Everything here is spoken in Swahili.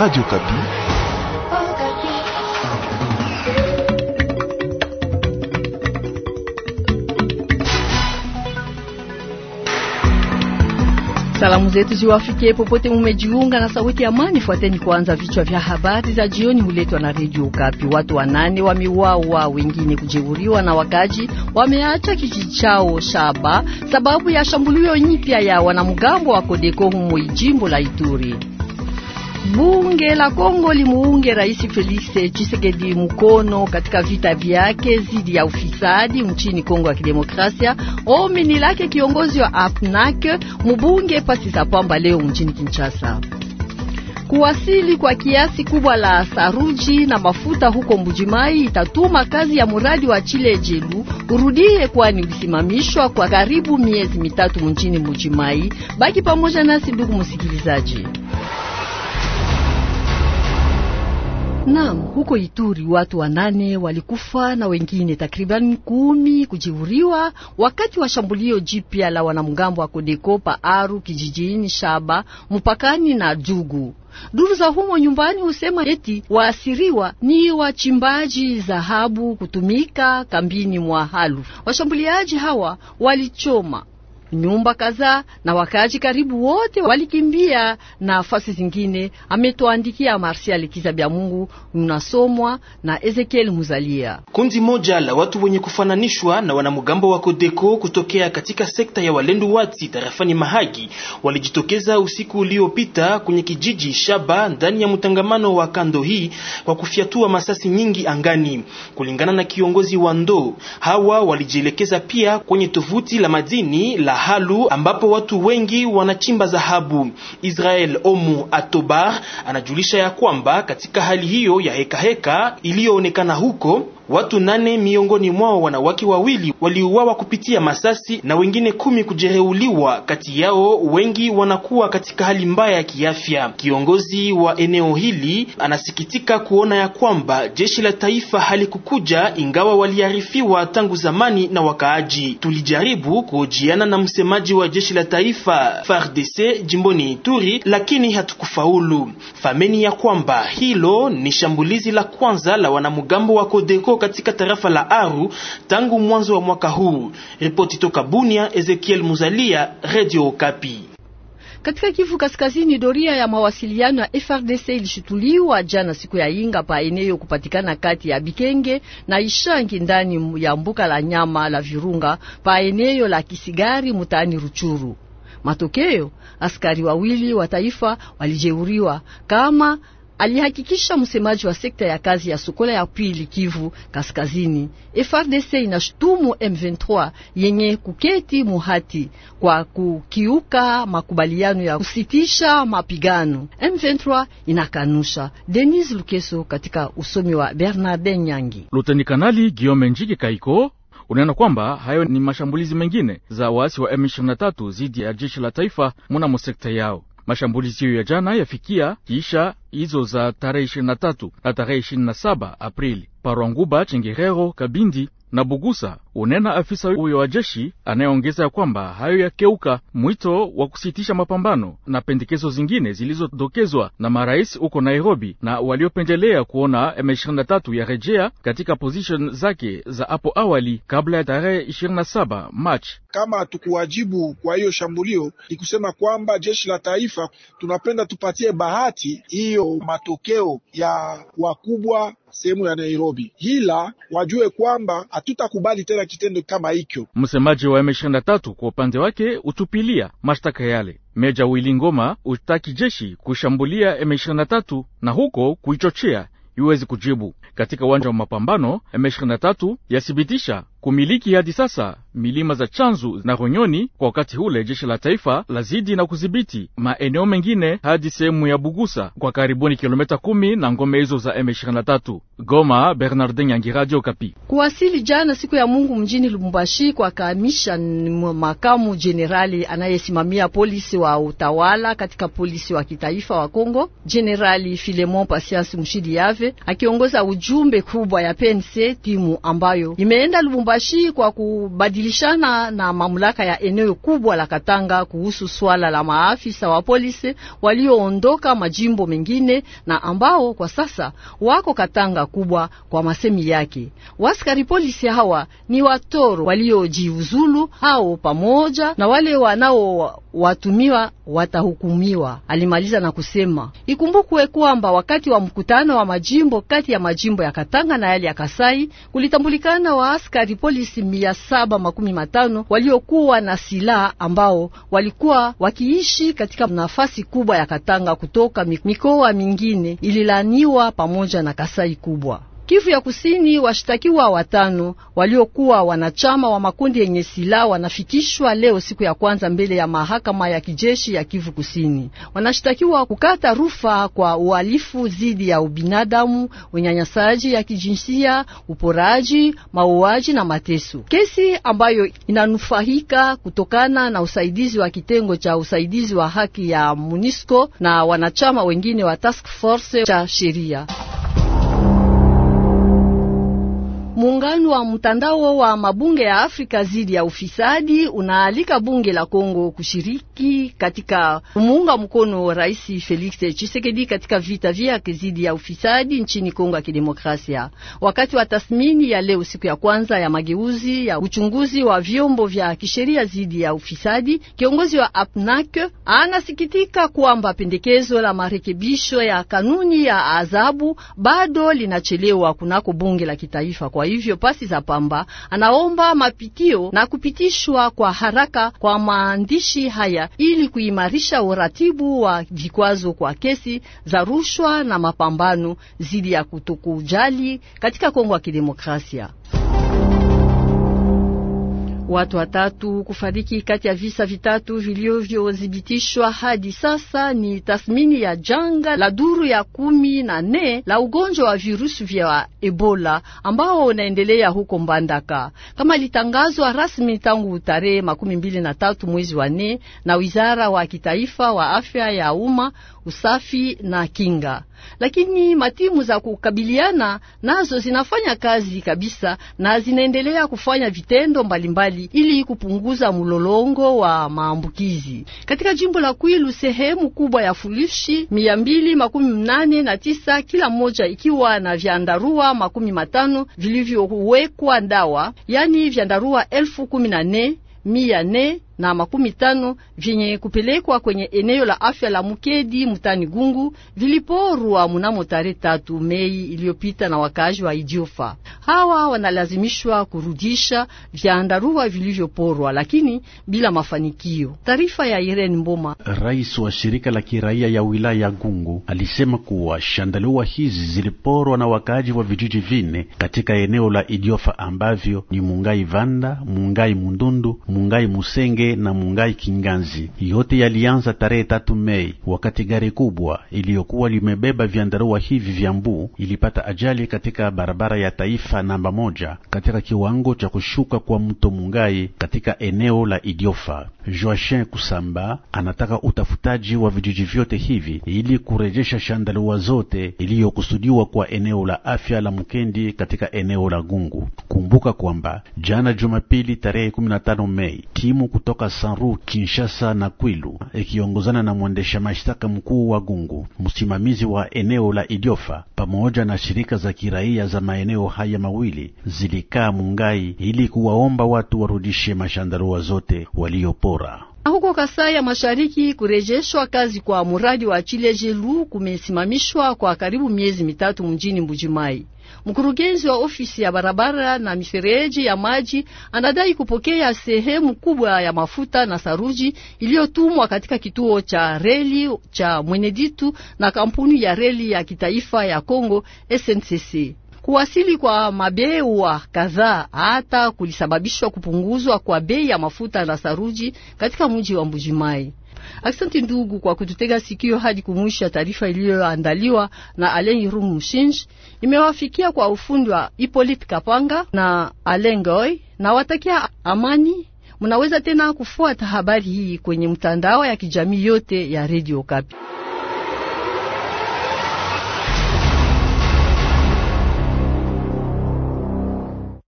Radio Kapi. Salamu zetu ziwafikie popote mumejiunga na sauti ya amani. Fuateni kwanza vichwa vya habari za jioni, huletwa na redio Kapi. Watu wanane wameuawa, wengine kujeruhiwa na wakaji wameacha kijiji chao Shaba sababu ya shambulio nyipya ya wanamgambo wa Kodeko humo jimbo la Ituri. Bunge la Kongo limuunge Rais Felix Tshisekedi mkono katika vita vyake dhidi ya ufisadi nchini Kongo ya Kidemokrasia. Ombi ni lake kiongozi wa APNAC mbunge za Pamba leo mjini Kinshasa. Kuwasili kwa kiasi kubwa la saruji na mafuta huko Mbujimai itatuma kazi ya muradi wa Chilejelu urudie, kwani ulisimamishwa kwa karibu miezi mitatu mjini Mbujimai. Baki pamoja nasi ndugu msikilizaji. Naam, huko Ituri watu wanane walikufa na wengine takriban kumi kujeruhiwa wakati wa shambulio jipya la wanamgambo wa Kodeko pa Aru kijijini Shaba mpakani na Jugu. Duru za humo nyumbani husema eti waasiriwa ni wachimbaji dhahabu kutumika kambini mwa Halu. Washambuliaji hawa walichoma nyumba kadhaa na wakaaji karibu wote walikimbia na nafasi zingine. Ametuandikia Marsial Kizabya Mungu, unasomwa na Ezekiel Muzalia. Kundi moja la watu wenye kufananishwa na wanamgambo wa Kodeko kutokea katika sekta ya Walendu Wati tarafani Mahagi walijitokeza usiku uliopita kwenye kijiji Shaba ndani ya mtangamano wa kando hii kwa kufyatua masasi nyingi angani. Kulingana na kiongozi wa ndoo, hawa walijielekeza pia kwenye tovuti la madini la Halu ambapo watu wengi wanachimba dhahabu. Israel Omu Atobar anajulisha ya kwamba katika hali hiyo ya hekaheka iliyoonekana huko Watu nane miongoni mwao wanawake wawili waliuawa kupitia masasi na wengine kumi kujereuliwa. Kati yao wengi wanakuwa katika hali mbaya ya kiafya. Kiongozi wa eneo hili anasikitika kuona ya kwamba jeshi la taifa halikukuja, ingawa waliarifiwa tangu zamani na wakaaji. Tulijaribu kuhojiana na msemaji wa jeshi la taifa FARDC jimboni Ituri, lakini hatukufaulu. Fameni ya kwamba hilo ni shambulizi la kwanza la wanamgambo wa Kodeko mafuriko katika tarafa la Aru tangu mwanzo wa mwaka huu. Ripoti toka Bunia, Ezekiel Muzalia, Radio Okapi. Katika Kivu Kaskazini, doria ya mawasiliano ya FRDC ilishituliwa jana siku ya Inga pa eneo kupatikana kati ya Bikenge na Ishangi ndani ya mbuka la nyama la Virunga pa eneo la Kisigari mtaani Ruchuru. Matokeo, askari wawili wa taifa walijeuriwa kama alihakikisha msemaji wa sekta ya kazi ya Sokola ya pili Kivu Kaskazini. frdc inashutumu M23 yenye kuketi muhati kwa kukiuka makubaliano ya kusitisha mapigano. M23 inakanusha. Denis Lukeso katika usomi wa Bernarde Nyangi. Luteni Kanali Giome Njike Kaiko unaona kwamba hayo ni mashambulizi mengine za waasi wa M23 zidi ya jeshi la taifa muna mosekta yao Mashambulizi ya jana yafikia kisha hizo za tarehe 23 na tarehe 27 Aprili Parwanguba, Chengerero, Kabindi na Bugusa, unena afisa huyo wa jeshi anayeongeza ya kwamba hayo yakeuka mwito wa kusitisha mapambano na pendekezo zingine zilizodokezwa na marais huko Nairobi na waliopendelea kuona M23 ya rejea katika position zake za hapo awali kabla ya tarehe 27 Machi kama hatukuwajibu kwa hiyo shambulio, ni kusema kwamba jeshi la taifa tunapenda tupatie bahati hiyo matokeo ya wakubwa sehemu ya Nairobi, ila wajue kwamba hatutakubali tena kitendo kama hicho. Msemaji wa M23 kwa upande wake utupilia mashtaka yale. Meja Willy Ngoma utaki jeshi kushambulia M23 na huko kuichochea iwezi kujibu. Katika uwanja wa mapambano M23 yathibitisha kumiliki hadi sasa milima za Chanzu na Ronyoni. Kwa wakati ule jeshi la taifa lazidi na kudhibiti maeneo mengine hadi sehemu ya Bugusa kwa karibuni kilomita kumi na ngome hizo za M23. Goma, Bernardin Yangi, Radio Kapi. Kuwasili jana siku ya Mungu mjini Lubumbashi kwa kamisha makamu jenerali anayesimamia polisi wa utawala katika polisi wa kitaifa wa Kongo, Jenerali Filemon Pasiasi Mshidi Yave akiongoza ujumbe kubwa ya PNC timu ambayo imeenda Lubumbashi Lubumbashi kwa kubadilishana na mamlaka ya eneo kubwa la Katanga kuhusu swala la maafisa wa polisi walioondoka majimbo mengine na ambao kwa sasa wako Katanga kubwa. Kwa masemi yake, waskari polisi hawa ni watoro waliojiuzulu, hao pamoja na wale wanao watumiwa watahukumiwa. Alimaliza na kusema ikumbukwe kwamba wakati wa mkutano wa majimbo kati ya majimbo ya Katanga na yale ya Kasai kulitambulikana wa askari polisi mia saba makumi matano waliokuwa na silaha ambao walikuwa wakiishi katika nafasi kubwa ya Katanga kutoka mikoa mingine ililaniwa pamoja na Kasai kubwa. Kivu ya Kusini, washtakiwa watano waliokuwa wanachama wa makundi yenye silaha wanafikishwa leo siku ya kwanza mbele ya mahakama ya kijeshi ya Kivu Kusini. Wanashtakiwa kukata rufaa kwa uhalifu dhidi ya ubinadamu, unyanyasaji ya kijinsia, uporaji, mauaji na mateso, kesi ambayo inanufaika kutokana na usaidizi wa kitengo cha usaidizi wa haki ya MONUSCO na wanachama wengine wa task force cha sheria. Muungano wa mtandao wa mabunge ya Afrika dhidi ya ufisadi unaalika bunge la Kongo kushiriki ki katika muunga mkono Rais Felix Tshisekedi katika vita vyake dhidi ya ufisadi nchini Kongo ya Kidemokrasia. Wakati wa tathmini ya leo siku ya kwanza ya mageuzi ya uchunguzi wa vyombo vya kisheria dhidi ya ufisadi, kiongozi wa APNAC anasikitika kwamba pendekezo la marekebisho ya kanuni ya adhabu bado linachelewa kunako bunge la kitaifa. Kwa hivyo pasi za pamba, anaomba mapitio na kupitishwa kwa haraka kwa maandishi haya ili kuimarisha uratibu wa vikwazo kwa kesi za rushwa na mapambano dhidi ya kutokujali katika Kongo ya Kidemokrasia. Watu watatu kufariki kati ya visa vitatu vilivyothibitishwa hadi sasa. Ni tathmini ya janga la duru ya kumi na nne la ugonjwa wa virusi vya Ebola ambao unaendelea huko Mbandaka, kama litangazwa rasmi tangu tarehe makumi mbili na tatu mwezi wa nne na wizara wa kitaifa wa afya ya umma, usafi na kinga, lakini matimu za kukabiliana nazo zinafanya kazi kabisa na zinaendelea kufanya vitendo mbalimbali mbali serikali ili kupunguza mlolongo wa maambukizi katika jimbo la Kwilu. Sehemu kubwa ya fulishi mia mbili makumi nane na tisa kila moja ikiwa na vyandarua makumi matano vilivyowekwa dawa, yani vyandarua elfu kumi na nne mia nne na makumi tano vyenye kupelekwa kwenye eneo la afya la Mukedi mutani Gungu viliporwa mnamo tarehe tatu Mei iliyopita na wakaji wa Idiofa. Hawa wanalazimishwa kurudisha vyandarua vilivyoporwa, lakini bila mafanikio. Taarifa ya Irene Mboma. Rais wa shirika la kiraia ya wilaya ya Gungu alisema kuwa shandarua hizi ziliporwa na wakaaji wa vijiji vine katika eneo la Idiofa ambavyo ni Mungai Vanda, Mungai Mundundu, Mungai Musenge na Mungai Kinganzi. Yote yalianza tarehe tatu Mei wakati gari kubwa iliyokuwa limebeba vyandarua hivi vya mbu ilipata ajali katika barabara ya taifa namba moja katika kiwango cha kushuka kwa mto Mungai katika eneo la Idiofa. Joachim Kusamba anataka utafutaji wa vijiji vyote hivi ili kurejesha shandarua zote iliyokusudiwa kwa eneo la afya la Mkendi katika eneo la Gungu. Kumbuka kwamba jana Jumapili tarehe 15 Mei timu kutoka kutoka Sanru Kinshasa na Kwilu ikiongozana na mwendesha mashtaka mkuu wa Gungu, msimamizi wa eneo la Idiofa pamoja na shirika za kiraia za maeneo haya mawili zilikaa Mungai ili kuwaomba watu warudishe mashandarua zote waliopora. Huko Kasai ya Mashariki, kurejeshwa kazi kwa muradi wa Chilejelu kumesimamishwa kwa karibu miezi mitatu mjini Mbujimai. Mkurugenzi wa ofisi ya barabara na mifereji ya maji anadai kupokea sehemu kubwa ya mafuta na saruji iliyotumwa katika kituo cha reli cha Mweneditu na kampuni ya reli ya kitaifa ya Kongo SNCC. Kuwasili kwa mabewa kadhaa hata kulisababishwa kupunguzwa kwa bei ya mafuta na saruji katika mji wa Mbujimai. Aksanti ndugu kwa kututega sikio hadi kumwisha. Taarifa iliyoandaliwa na Alen Rum mshinj imewafikia kwa ufundi wa hipolit Kapanga na Alen Goy na watakia amani. Munaweza tena kufuata habari hii kwenye mtandao ya kijamii yote ya Radio Kapi.